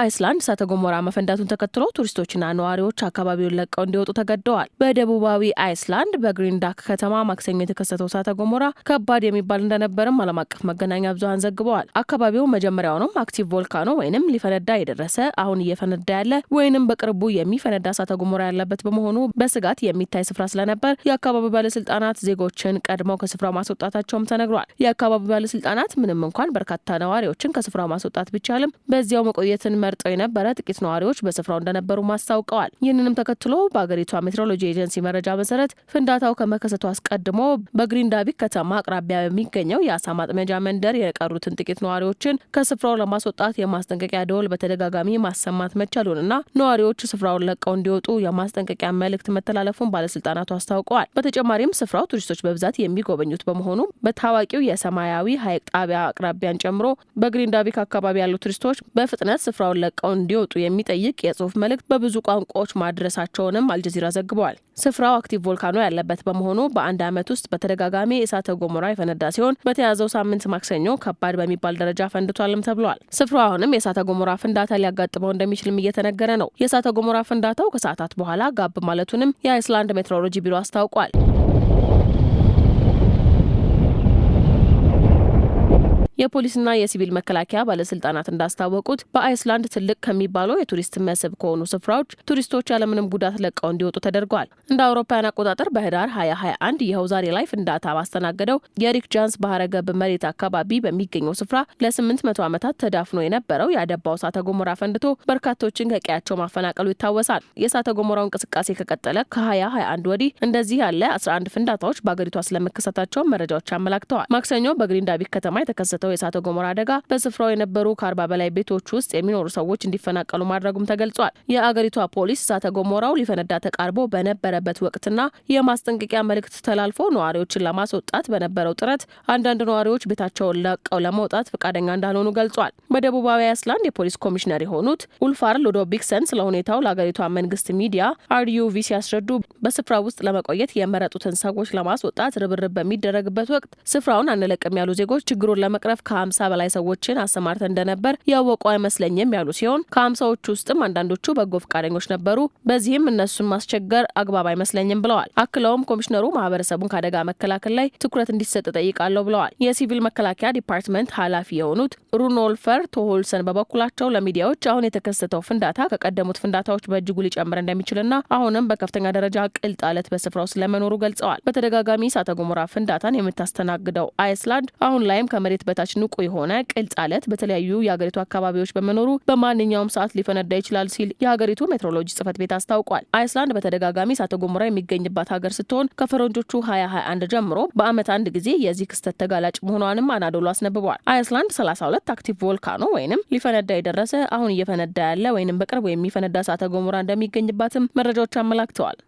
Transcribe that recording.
በአይስላንድ እሳተ ገሞራ መፈንዳቱን ተከትሎ ቱሪስቶችና ነዋሪዎች አካባቢውን ለቀው እንዲወጡ ተገደዋል። በደቡባዊ አይስላንድ በግሪንዳክ ከተማ ማክሰኞ የተከሰተው እሳተ ገሞራ ከባድ የሚባል እንደነበርም ዓለም አቀፍ መገናኛ ብዙሃን ዘግበዋል። አካባቢው መጀመሪያውንም አክቲቭ ቮልካኖ ወይንም ሊፈነዳ የደረሰ አሁን እየፈነዳ ያለ ወይንም በቅርቡ የሚፈነዳ እሳተ ገሞራ ያለበት በመሆኑ በስጋት የሚታይ ስፍራ ስለነበር የአካባቢው ባለስልጣናት ዜጎችን ቀድመው ከስፍራው ማስወጣታቸውም ተነግሯል። የአካባቢው ባለስልጣናት ምንም እንኳን በርካታ ነዋሪዎችን ከስፍራው ማስወጣት ቢቻልም በዚያው መቆየትን መርጠው የነበረ ጥቂት ነዋሪዎች በስፍራው እንደነበሩ አስታውቀዋል። ይህንንም ተከትሎ በአገሪቷ ሜትሮሎጂ ኤጀንሲ መረጃ መሰረት ፍንዳታው ከመከሰቱ አስቀድሞ በግሪንዳቢክ ከተማ አቅራቢያ በሚገኘው የአሳ ማጥመጃ መንደር የቀሩትን ጥቂት ነዋሪዎችን ከስፍራው ለማስወጣት የማስጠንቀቂያ ደወል በተደጋጋሚ ማሰማት መቻሉንና ነዋሪዎች ስፍራውን ለቀው እንዲወጡ የማስጠንቀቂያ መልእክት መተላለፉን ባለስልጣናቱ አስታውቀዋል። በተጨማሪም ስፍራው ቱሪስቶች በብዛት የሚጎበኙት በመሆኑ በታዋቂው የሰማያዊ ሐይቅ ጣቢያ አቅራቢያን ጨምሮ በግሪንዳቢክ አካባቢ ያሉ ቱሪስቶች በፍጥነት ስፍራውን ለቀው እንዲወጡ የሚጠይቅ የጽሁፍ መልእክት በብዙ ቋንቋዎች ማድረሳቸውንም አልጀዚራ ዘግበዋል። ስፍራው አክቲቭ ቮልካኖ ያለበት በመሆኑ በአንድ ዓመት ውስጥ በተደጋጋሚ የእሳተ ገሞራ የፈነዳ ሲሆን በተያዘው ሳምንት ማክሰኞ ከባድ በሚባል ደረጃ ፈንድቷልም ተብሏል። ስፍራው አሁንም የእሳተ ገሞራ ፍንዳታ ሊያጋጥመው እንደሚችልም እየተነገረ ነው። የእሳተ ገሞራ ፍንዳታው ከሰዓታት በኋላ ጋብ ማለቱንም የአይስላንድ ሜትሮሎጂ ቢሮ አስታውቋል። የፖሊስና የሲቪል መከላከያ ባለስልጣናት እንዳስታወቁት በአይስላንድ ትልቅ ከሚባለው የቱሪስት መስህብ ከሆኑ ስፍራዎች ቱሪስቶች ያለምንም ጉዳት ለቀው እንዲወጡ ተደርጓል። እንደ አውሮፓውያን አቆጣጠር በህዳር 2021 ይኸው ዛሬ ላይ ፍንዳታ ባስተናገደው የሪክ ጃንስ ባህረ ገብ መሬት አካባቢ በሚገኘው ስፍራ ለ800 ዓመታት ተዳፍኖ የነበረው የአደባው እሳተ ገሞራ ፈንድቶ በርካቶችን ከቀያቸው ማፈናቀሉ ይታወሳል። የእሳተ ገሞራው እንቅስቃሴ ከቀጠለ ከ2021 ወዲህ እንደዚህ ያለ 11 ፍንዳታዎች በአገሪቷ ስለመከሰታቸው መረጃዎች አመላክተዋል። ማክሰኞ በግሪንዳቢክ ከተማ የተከሰተው በደረሰው የእሳተ ገሞራ አደጋ በስፍራው የነበሩ ከአርባ በላይ ቤቶች ውስጥ የሚኖሩ ሰዎች እንዲፈናቀሉ ማድረጉም ተገልጿል። የአገሪቷ ፖሊስ እሳተ ገሞራው ሊፈነዳ ተቃርቦ በነበረበት ወቅትና የማስጠንቀቂያ መልእክት ተላልፎ ነዋሪዎችን ለማስወጣት በነበረው ጥረት አንዳንድ ነዋሪዎች ቤታቸውን ለቀው ለመውጣት ፈቃደኛ እንዳልሆኑ ገልጿል። በደቡባዊ አይስላንድ የፖሊስ ኮሚሽነር የሆኑት ኡልፋር ሉዶቢክሰን ስለ ሁኔታው ለአገሪቷ መንግስት ሚዲያ አርዩቪ ሲያስረዱ በስፍራ ውስጥ ለመቆየት የመረጡትን ሰዎች ለማስወጣት ርብርብ በሚደረግበት ወቅት ስፍራውን አንለቅም ያሉ ዜጎች ችግሩን ለመቅረፍ ለመሳተፍ ከ በላይ ሰዎችን አሰማርተ እንደነበር ያወቁ አይመስለኝም ያሉ ሲሆን ከ ውስጥም አንዳንዶቹ በጎ ፈቃደኞች ነበሩ። በዚህም እነሱን ማስቸገር አግባብ አይመስለኝም ብለዋል። አክለውም ኮሚሽነሩ ማህበረሰቡን ከአደጋ መከላከል ላይ ትኩረት እንዲሰጥ ጠይቃለሁ ብለዋል። የሲቪል መከላከያ ዲፓርትመንት ኃላፊ የሆኑት ሩኖልፈር ቶሆልሰን በበኩላቸው ለሚዲያዎች አሁን የተከሰተው ፍንዳታ ከቀደሙት ፍንዳታዎች በእጅጉ ሊጨምር እንደሚችልና አሁንም በከፍተኛ ደረጃ ቅልጥ አለት በስፍራው ስለመኖሩ ገልጸዋል። በተደጋጋሚ እሳተ ገሞራ ፍንዳታን የምታስተናግደው አይስላንድ አሁን ላይም ከመሬት በታች ተመራጭ ንቁ የሆነ ቅልጽ አለት በተለያዩ የሀገሪቱ አካባቢዎች በመኖሩ በማንኛውም ሰዓት ሊፈነዳ ይችላል ሲል የሀገሪቱ ሜትሮሎጂ ጽህፈት ቤት አስታውቋል። አይስላንድ በተደጋጋሚ እሳተ ገሞራ የሚገኝባት ሀገር ስትሆን ከፈረንጆቹ 2021 ጀምሮ በአመት አንድ ጊዜ የዚህ ክስተት ተጋላጭ መሆኗንም አናዶሎ አስነብቧል። አይስላንድ 32 አክቲቭ ቮልካኖ ወይንም ሊፈነዳ የደረሰ አሁን እየፈነዳ ያለ ወይንም በቅርቡ የሚፈነዳ እሳተ ገሞራ እንደሚገኝባትም መረጃዎች አመላክተዋል።